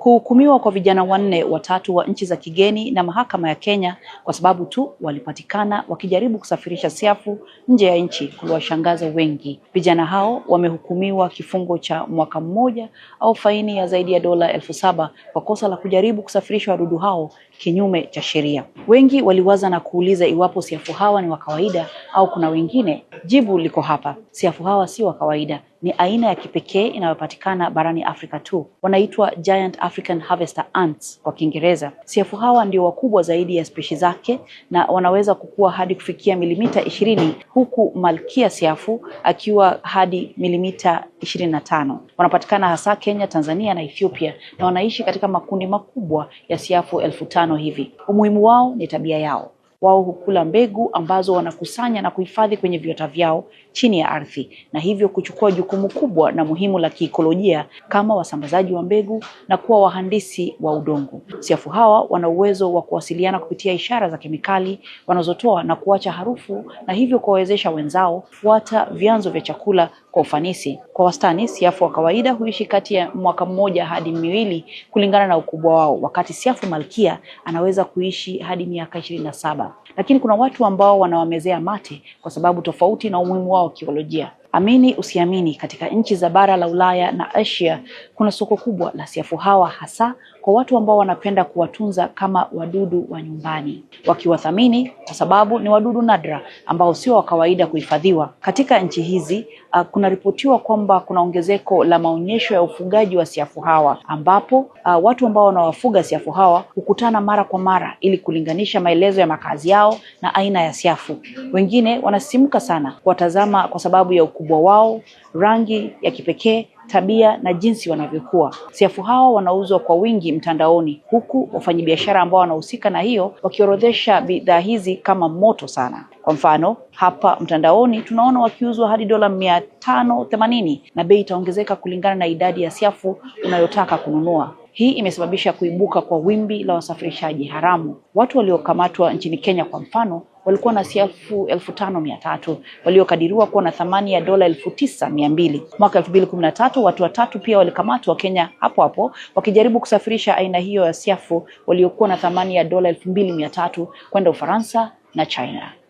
kuhukumiwa kwa vijana wanne, watatu wa nchi za kigeni na mahakama ya Kenya kwa sababu tu walipatikana wakijaribu kusafirisha siafu nje ya nchi kuliwashangaza wengi. Vijana hao wamehukumiwa kifungo cha mwaka mmoja au faini ya zaidi ya dola elfu saba kwa kosa la kujaribu kusafirisha wadudu hao kinyume cha sheria. Wengi waliwaza na kuuliza iwapo siafu hawa ni wa kawaida au kuna wengine. Jibu liko hapa: siafu hawa si wa kawaida, ni aina ya kipekee inayopatikana barani Afrika tu. Wanaitwa Giant African Harvester Ants kwa Kiingereza. Siafu hawa ndio wakubwa zaidi ya spishi zake na wanaweza kukua hadi kufikia milimita ishirini huku malkia siafu akiwa hadi milimita ishirini na tano. Wanapatikana hasa Kenya, Tanzania na Ethiopia na wanaishi katika makundi makubwa ya siafu elfu tano hivi. Umuhimu wao ni tabia yao wao hukula mbegu ambazo wanakusanya na kuhifadhi kwenye viota vyao chini ya ardhi, na hivyo kuchukua jukumu kubwa na muhimu la kiikolojia kama wasambazaji wa mbegu na kuwa wahandisi wa udongo. Siafu hawa wana uwezo wa kuwasiliana kupitia ishara za kemikali wanazotoa na kuacha harufu, na hivyo kuwawezesha wenzao kufuata vyanzo vya chakula kwa ufanisi. Kwa wastani, siafu wa kawaida huishi kati ya mwaka mmoja hadi miwili kulingana na ukubwa wao, wakati siafu malkia anaweza kuishi hadi miaka ishirini na saba. Lakini kuna watu ambao wanawamezea mate kwa sababu tofauti na umuhimu wao kiolojia. Amini usiamini, katika nchi za bara la Ulaya na Asia kuna soko kubwa la siafu hawa, hasa kwa watu ambao wanapenda kuwatunza kama wadudu wa nyumbani, wakiwathamini kwa sababu ni wadudu nadra ambao sio wa kawaida kuhifadhiwa. Katika nchi hizi uh, kunaripotiwa kwamba kuna ongezeko la maonyesho ya ufugaji wa siafu hawa, ambapo uh, watu ambao wanawafuga siafu hawa hukutana mara kwa mara ili kulinganisha maelezo ya makazi yao na aina ya siafu. Wengine wanasimuka sana kuwatazama kwa sababu ya ukubwa wao, rangi ya kipekee, tabia na jinsi wanavyokuwa. Siafu hao wanauzwa kwa wingi mtandaoni, huku wafanyabiashara ambao wanahusika na hiyo wakiorodhesha bidhaa hizi kama moto sana. Kwa mfano, hapa mtandaoni tunaona wakiuzwa hadi dola mia tano themanini na bei itaongezeka kulingana na idadi ya siafu unayotaka kununua. Hii imesababisha kuibuka kwa wimbi la wasafirishaji haramu. Watu waliokamatwa nchini Kenya kwa mfano walikuwa na siafu elfu tano mia tatu waliokadiriwa kuwa na thamani ya dola elfu tisa mia mbili Mwaka elfu mbili kumi na tatu watu watatu pia walikamatwa Kenya hapo hapo wakijaribu kusafirisha aina hiyo ya siafu waliokuwa na thamani ya dola elfu mbili mia tatu kwenda Ufaransa na China.